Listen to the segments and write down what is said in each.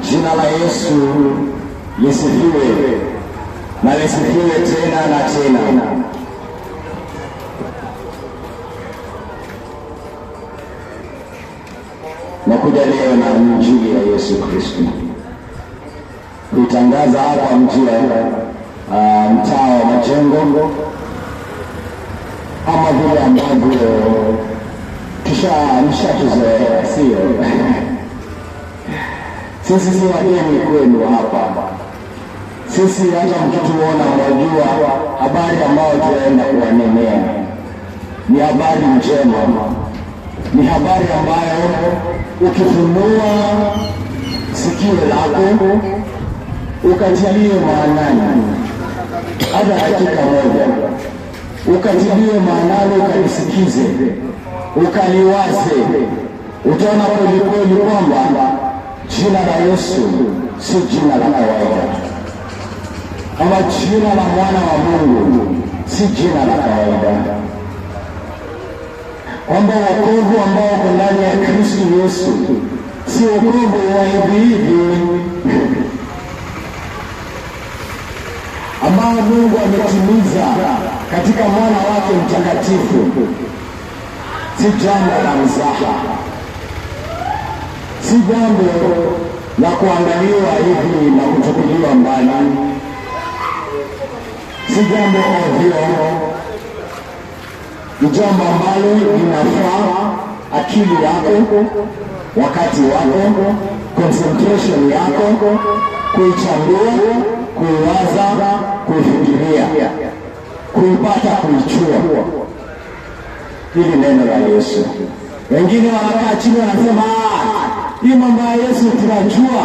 Jina la Yesu lisifiwe na lisifiwe tena na tena. Nakuja leo na Injili ya Yesu Kristo kuitangaza hapa mji wa uh, ah, mtaa wa Majengo kama vile ambavyo tusha mshatuzoea, sio? Sisi si wageni kwenu hapa. Sisi hata mkituona wajua habari ambayo tunaenda kuwanenea ni habari njema, ni habari ambayo ukifunua sikio lako ukatilie maanani hata dakika moja, ukatilie maanani, ukalisikize, ukaliwaze, utaona kwelikweli kwamba Jina la Yesu si jina la kawaida, ama jina la mwana wa Mungu si jina la kawaida, kwamba wokovu ambao uko ndani ya Kristo Yesu si wokovu wa hivi hivi ambao Mungu ametimiza katika mwana wake mtakatifu, si jambo la mzaha si jambo la kuangaliwa hivi na kuchukuliwa mbali, si jambo ovyo, ni jambo ambalo linafaa akili yako, wakati wako, concentration yako, kuichambua, kuiwaza, kuifikiria, kuipata, kuichua. Hili neno la Yesu. Wengine wanakaa chini wanasema ah, hii mambo ya Yesu tunajua,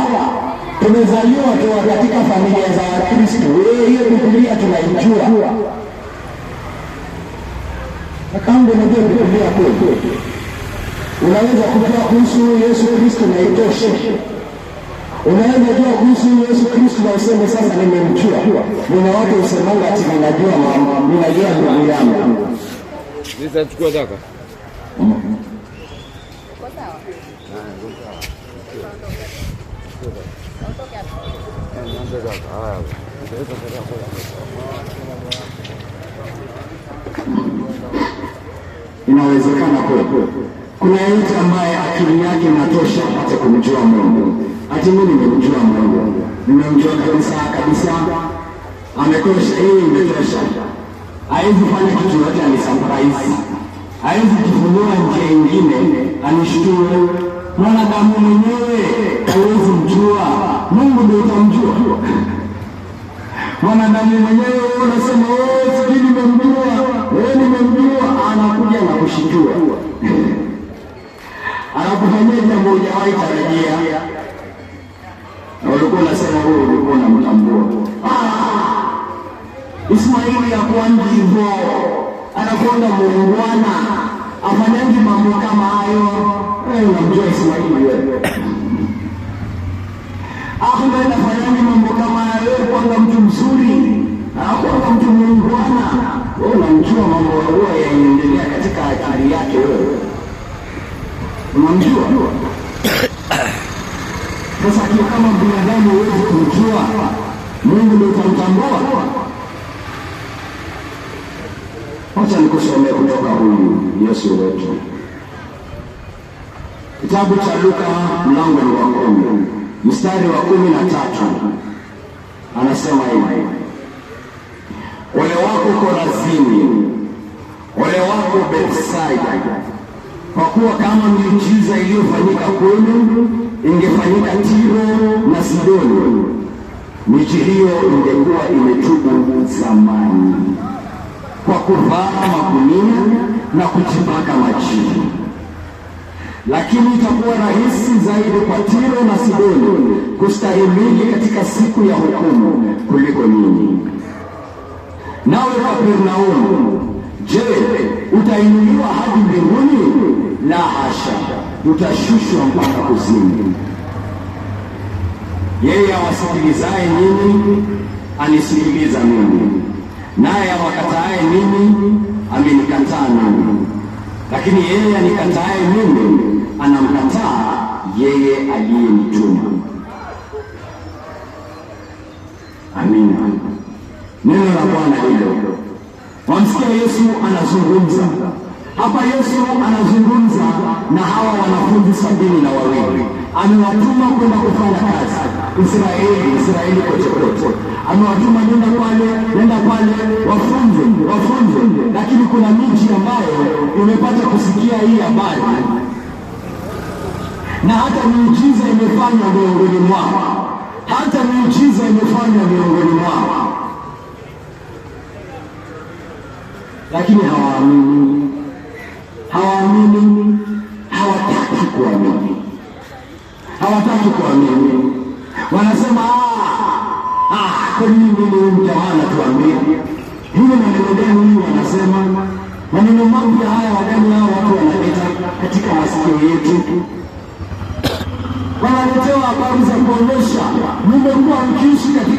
tumezaliwa tuwa katika familia za Wakristo, hiyo Biblia tunaijua. Kakangu, unajua Biblia kweli? Unaweza kujua kuhusu Yesu Kristo na itoshe. Unaweza jua kuhusu Yesu Kristo na useme sasa, nimemjua. Nina watu usemanga ati ninajua mama, ninajua ndugu yangu. Nitachukua daka Inawezekana kwepo. kuna mtu ambaye akili yake inatosha apate kumjua Mungu. Ati mimi nimemjua Mungu, nimemjua kabisa kabisa, amekosha, hii imetosha, hawezi fanya kitu yote, anisurprise, hawezi kifunua njia ingine, anishukuru. Mwanadamu mwenyewe hawezi mjua Mungu ndiye utamjua. Mwanadamu mwenyewe unasema oh, sijui nimemjua, wewe nimemjua, anakuja na kushijua, anakufanyia jambo hujawahi tarajia, na ulikuwa unasema huyo oh, ulikuwa unamtambua. Ah, Ismaili yakuwa ndivyo, anakwenda muungwana, afanyangi mambo kama hayo. Eh, unamjua Ismaili wewe Akhira inafanyaje mambo kama wewe kwanga mtu mzuri kwanga mtu muungwana, wewe unamjua mambo huwa yanaendelea katika hali yake, wewe unamjua sasa. Akiwa kama binadamu huwezi kumjua Mungu, ndio utamtambua. Wacha nikusomee kutoka huyu Yesu wetu, kitabu cha Luka mlango wa kumi mstari wa kumi na tatu anasema hivi, ole wako Korazini, ole wako Betsaida, kwa kuwa kama miujiza iliyofanyika kwenu ingefanyika Tiro na Sidoni, miji hiyo ingekuwa imetubu zamani kwa kuvaa makunia na kujipaka majini lakini itakuwa rahisi zaidi kwa Tiro na Sidoni kustahimili katika siku ya hukumu kuliko nyinyi. Nawe Kapernaumu, je, utainuliwa hadi mbinguni? La hasha, utashushwa mpaka kuzimu. Yeye awasikilizaye nyinyi anisikiliza mimi, naye awakataye mimi amenikataa nami, lakini yeye anikataye mimi anamkataa yeye aliyemtuma. Amina, neno la Bwana hilo. Wamsikia Yesu anazungumza hapa. Yesu anazungumza na hawa wanafunzi sabini na wawili, amewatuma kwenda kufanya kazi Israeli, Israeli kote kote, amewatuma nenda pale, nenda pale, wafunze, wafunze. Lakini kuna miji ambayo imepata kusikia hii habari na hata miujiza imefanywa miongoni mwao, hata miujiza imefanywa miongoni mwao, lakini hawaamini, hawaamini, hawataki kuamini, hawataki kuamini, wanasema ah, ah kwa nini mtawala tuambie hili maneno gani? Wanasema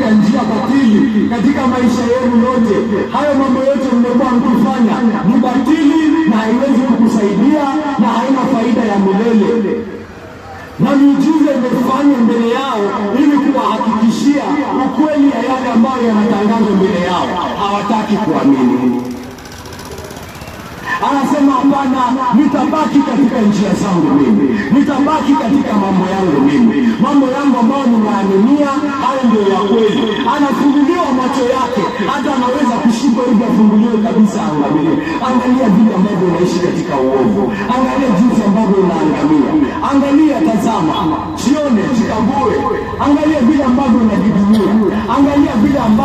ya njia batili katika maisha yenu yote. Hayo mambo yote mmekuwa mkifanya ni batili na haiwezi kukusaidia na haina faida ya milele na miujiza imefanywa mbele yao ili kuwahakikishia ukweli ya yale ambayo yanatangazwa mbele yao. Hawataki kuamini anasema hapana, nitabaki katika njia zangu mimi, nitabaki katika mambo yangu mimi, mambo yangu ambayo nimeaminia hayo ndio ya kweli. Anafunguliwa macho yake, hata anaweza kushindwa hivi afunguliwe kabisa, angamie. Angalia vile ambavyo unaishi katika uovu, angalia jinsi ambavyo unaangamia, angalia, tazama, jione, jikague, angalia vile ambavyo unajidua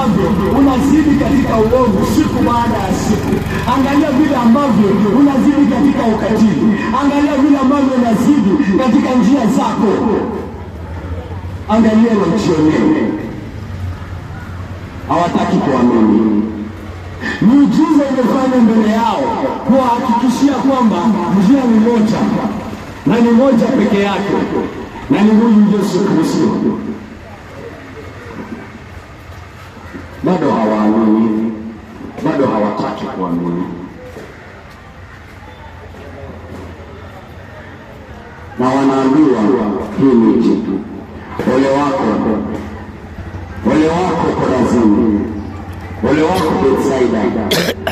ambavyo unazidi katika uovu siku baada ya siku. Angalia vile ambavyo unazidi katika ukatili. Angalia vile ambavyo unazidi katika njia zako. Angalia na jionee. Hawataki kuamini. Miujiza imefanya mbele yao kuwahakikishia kwamba njia ni moja na ni moja peke yake, na ni huyu Yesu Kristo. bado hawaamini, bado hawataki kuamini. Na wanaambiwa hii miti, ole wako, ole wako Korazini, ole wako Betsaida.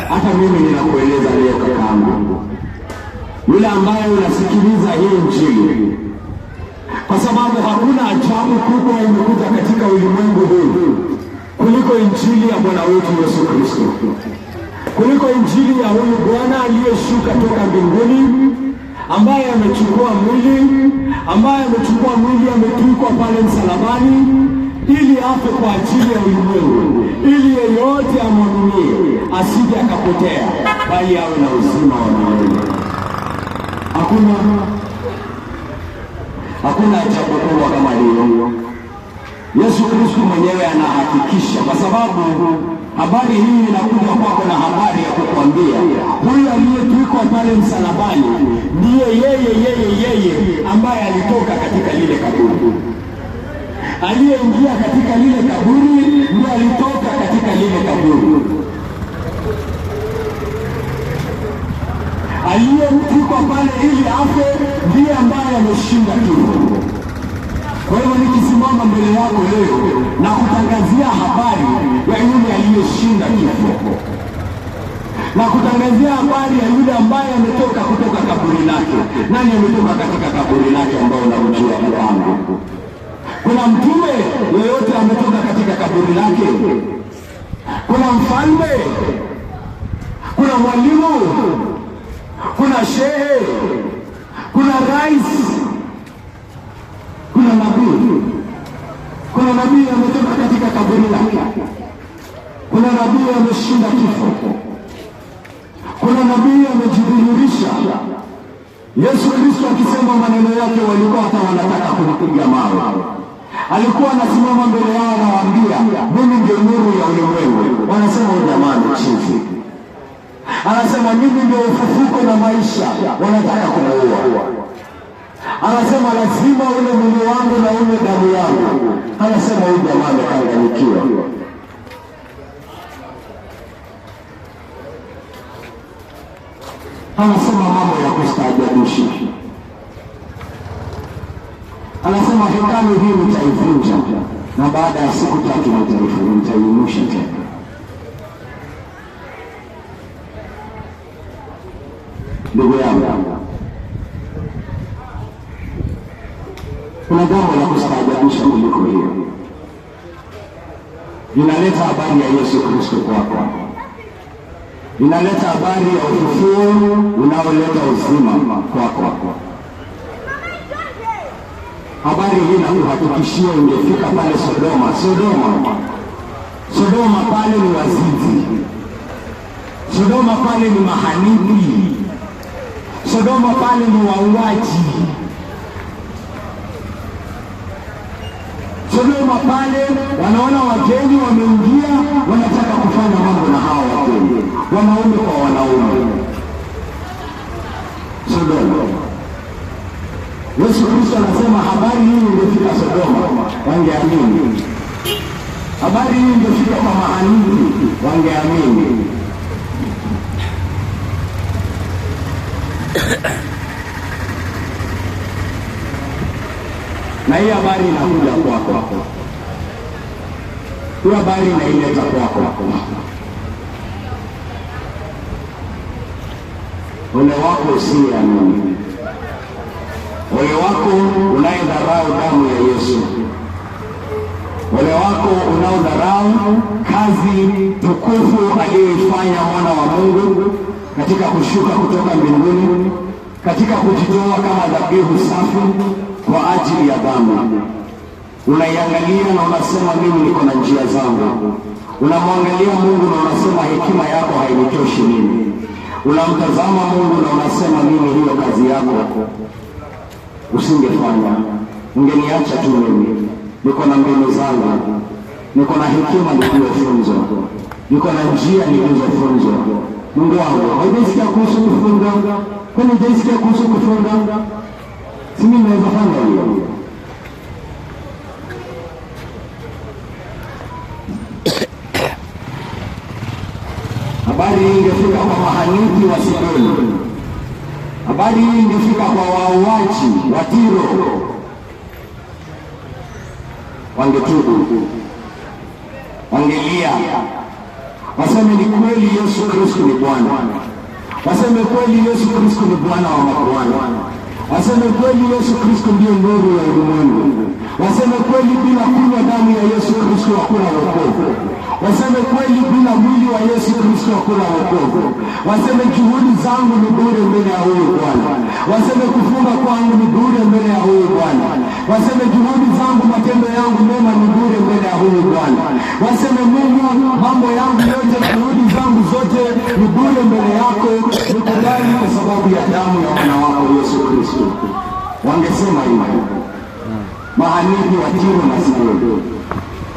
Hata mimi ninakueleza leo kakaangu, yule ambaye unasikiliza hii Injili, kwa sababu hakuna ajabu kubwa imekuja katika ulimwengu huu kuliko injili ya Bwana wetu Yesu Kristo, kuliko injili ya huyu Bwana aliyeshuka toka mbinguni, ambaye amechukua mwili, ambaye amechukua mwili, ametwikwa pale msalabani ili afe kwa ajili ya ulimwengu, ili yeyote amwaminie asije akapotea, bali awe na uzima wa milele. Hakuna hakuna jambo kama hilo. Yesu Kristo mwenyewe anahakikisha, kwa sababu habari hii inakuja kwako na habari ya kukwambia, huyu aliyetwikwa pale msalabani ndiye yeye yeye yeye ambaye alitoka katika lile kaburi. Aliyeingia katika lile kaburi ndiye alitoka katika lile kaburi. aliyetwikwa pale ili afe ndiye ambaye ameshinda kifo. Kwa hiyo nikisimama mbele yako leo na kutangazia habari ya yule aliyeshinda kifo na kutangazia habari ya yule ambaye ametoka kutoka kaburi lake. Nani ametoka katika kaburi lake ambao unamjua mwangu? Kuna mtume yeyote ametoka katika kaburi lake? Kuna mfalme? Kuna mwalimu? Kuna shehe? Kuna rais? kuna nabii, kuna nabii ametoka katika kaburi lake, kuna nabii ameshinda kifo, kuna nabii amejidhihirisha Yesu Kristo akisema maneno yake, walikuwa hata wanataka kumpiga mawe. Alikuwa anasimama mbele yao anawaambia, mimi ndio nuru ya ulimwengu. Wanasema oh, jamani, chizi anasema mimi ndio ufufuko na maisha, wanataka kumuua anasema lazima ule mwili wangu na ule damu yangu. Anasema huyu jamaa amechanganyikiwa. Anasema mambo ya kustaajabisha, anasema hekalu hii nitaivunja, na baada ya siku tatu nitaiinusha tena. Ndugu yangu Kuna jambo la kustaajabisha kuliko hiyo, linaleta habari ya Yesu Kristo kwako, linaleta habari ya ufufuo unaoleta uzima kwako. Habari hii nakuhakikishia, ingefika pale Sodoma. Sodoma, Sodoma pale ni wazizi Sodoma pale ni mahanithi. Sodoma pale ni wauaji. Chadema pale wanaona wageni wameingia, wanataka kufanya mambo na hawa wageni, wanaume kwa wanaume. Sodoma, Yesu Kristo anasema habari hii ingefika Sodoma, wangeamini. Habari hii ingefika kwa mahanizi, wangeamini. na hii habari inakuja kwako, hii habari inaileta kwako. Ole wako usiyeamini, ole wako unayedharau damu ya Yesu, ole wako unaodharau kazi tukufu aliyoifanya mwana wa Mungu katika kushuka kutoka mbinguni, katika kujitoa kama dhabihu safi kwa ajili ya dhambi. Unaiangalia na unasema mimi niko na njia zangu. Unamwangalia Mungu na unasema hekima yako hainitoshi mimi. Unamtazama Mungu na unasema mimi, hiyo kazi yako usingefanya, ungeniacha tu mimi, niko na mbinu zangu, niko na hekima niliyofunzwa, niko na njia nilizofunzwa. Mungu wangu, haujasikia kuhusu kufunga? Kwani haujasikia kuhusu kufunga? Mimi naweza fanya hiyo. Habari hii ingefika kwa mahaniki wa Sidoni, habari hii ingefika kwa wauaji wa Tiro, wangetubu, wangelia, waseme ni kweli Yesu Kristo ni Bwana, waseme kweli Yesu Kristo ni Bwana wa mabwana Waseme kweli, Yesu Kristo ndiyo nuru ya ulimwengu. Waseme kweli, bila kunywa damu ya Yesu Kristo hakuna wokovu. Waseme kweli, bila mwili wa Yesu Kristo hakuna wokovu. Waseme juhudi zangu ni bure mbele ya huyu Bwana. Waseme kufunga kwangu ni bure mbele ya huyu Bwana. Waseme juhudi zangu, matendo yangu mema ni bure mbele ya huyu Bwana. Waseme Mungu, mambo yangu yote, juhudi zangu zote ni bure mbele yako, nikubali kwa sababu ya damu ya nchi wangesema hivyo, mahanebi wa Tiro na Sidoni,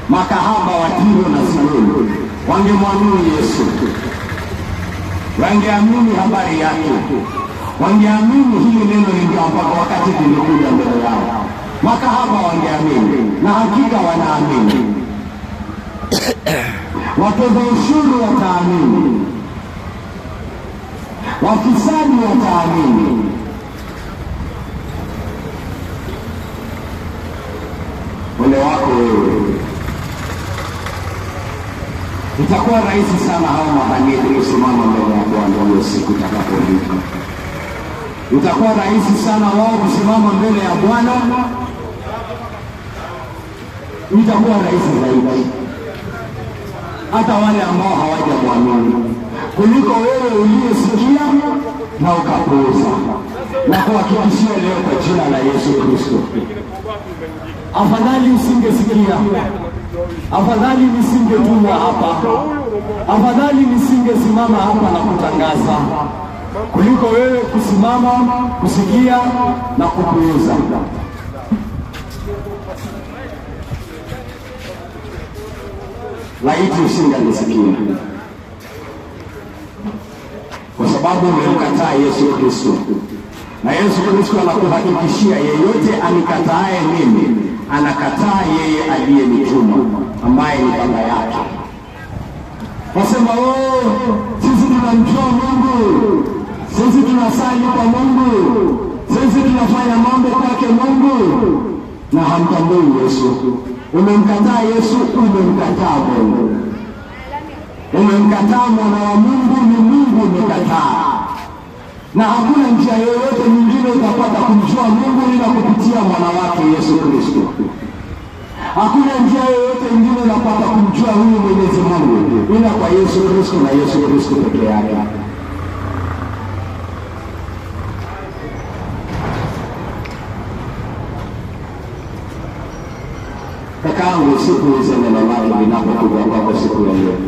makahaba wa Tiro na Sidoni wangemwamini Yesu, wangeamini habari yake, wangeamini hili neno lingewapaka wakati lilikuja mbele yao. Makahaba wangeamini na hakika wanaamini, watoza ushuru wataamini, wafisadi wataamini upande wako wewe, itakuwa rahisi sana hao mabani waliosimama mbele ya Bwana hiyo siku itakapolipa. Itakuwa rahisi sana wao kusimama mbele ya Bwana, itakuwa rahisi zaidi hata wale ambao hawaja kuamini kuliko wewe uliyesikia na ukapuuza na kuhakikishia leo kwa jina la Yesu Kristo, afadhali usingesikia, afadhali nisingetuma hapa, afadhali nisingesimama hapa na kutangaza kuliko wewe kusimama, kusikia na kupuuza. Laiti usingalisikia, kwa sababu umemkataa Yesu Kristo na Yesu Kristo anakuhakikishia yeyote anikataaye mimi anakataa yeye aliyenituma ambaye ni baba yake. Wasema oo, oh, sisi tunamjua Mungu, sisi tunasali kwa Mungu, sisi tunafanya mambo kwake Mungu, na hamtambui Yesu. Umemkataa Yesu, umemkataa Mungu, umemkataa mwana wa Mungu, ni Mungu umekataa na hakuna njia yoyote nyingine utapata kumjua Mungu ila kupitia mwana wake Yesu Kristo. Hakuna njia yoyote ingine unapata kumjua huyu Mwenyezi Mungu ila kwa Yesu Kristo na Yesu Kristo peke yake. Kakaangu, siku neno lake linapokuja kwako siku ya leo,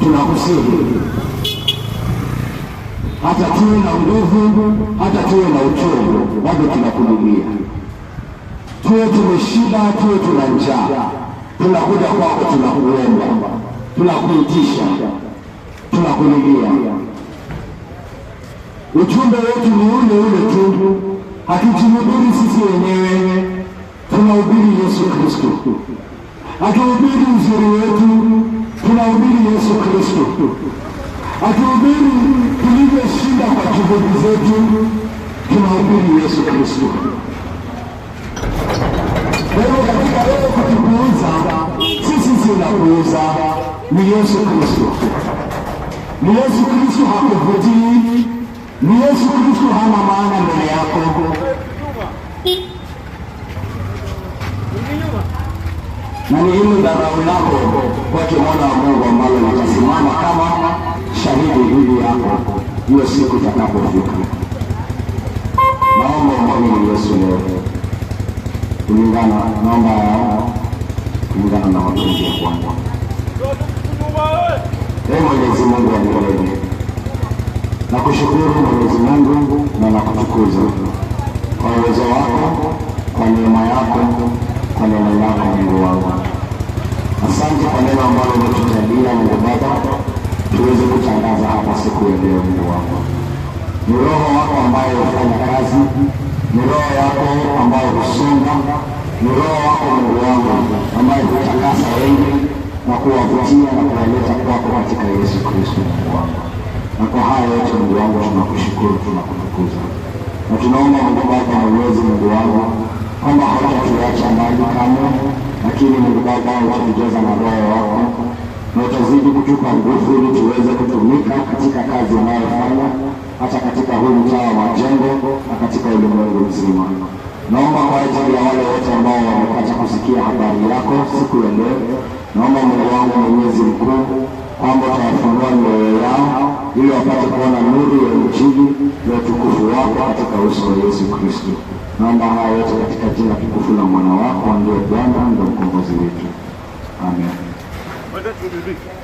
tunakusihi hata tuwe na nguvu, hata tuwe na uchungu, bado tunakulilia. Tuwe tumeshiba, tuwe tuna njaa, tunakuja kwako, tunakuomba, tunakuitisha, tunakulilia. Ujumbe wetu ni ule ule tu, hatujihubiri sisi wenyewe, tunahubiri Yesu Kristo. Hatuhubiri uzuri wetu, tunahubiri Yesu Kristo hatuhubiri tulivyoshinda kwa juhudi zetu, tunahubiri Yesu Kristo. Kwa katika leo kutukuuza, si sisi la kuuza, ni Yesu Kristo. Ni Yesu Kristo hakuvutii, ni Yesu Kristo hana maana mbele yako. Na ni hilo dharau lako kwake mwana wa Mungu ambalo litasimama kama shahidi dhidi yako hiyo siku itakapofika. Naomba umwamini Yesu leo kulingana, naomba kulingana na mapenzi ya Bwana. Ee Mwenyezi Mungu wa milele, nakushukuru Mwenyezi Mungu na nakutukuza kwa uwezo wako, kwa neema yako, kwa neema yako Mungu wangu. Asante kwa neno ambalo umetujalia Mungu Baba tuweze kutangaza hapa siku ya leo. Mungu wangu, ni roho wako ambayo hufanya kazi, ni roho yako ambayo husonga, ni roho wako Mungu wangu ambayo hutakasa wengi na kuwavutia na kuwaleta kwako katika Yesu Kristo Mungu wangu. Na kwa haya yote Mungu wangu, tunakushukuru, tunakutukuza na tunaomba Mungu Baba na uwezi Mungu wangu kwamba hautatuacha mbali kamwe, lakini Mungu Baba utatujaza na roho wako na utazidi kutupa nguvu ili tuweze kutumika katika kazi inayofanya hata katika huu mtaa wa Majengo na katika ulimwengu mzima. Naomba kwa ajili ya wale wote ambao wamepata kusikia habari yako siku ya leo, naomba Mungu wangu Mwenyezi mkuu kwamba utawafungua mioyo yao ili wapate kuona nuru ya ujili ya utukufu wako katika uso wa Yesu Kristo. Naomba haya yote katika jina tukufu la mwana wako ndiye Bwana, ndio mkombozi wetu, amen. الى البيت